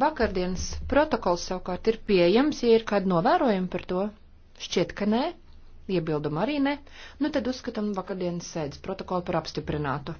Vakardienas protokols savukārt ir pieejams, ja ir kādi novērojumi par to. Šķiet, ka nē, iebildumu arī nē. Nu tad uzskatām vakardienas sēdes protokolu par apstiprinātu.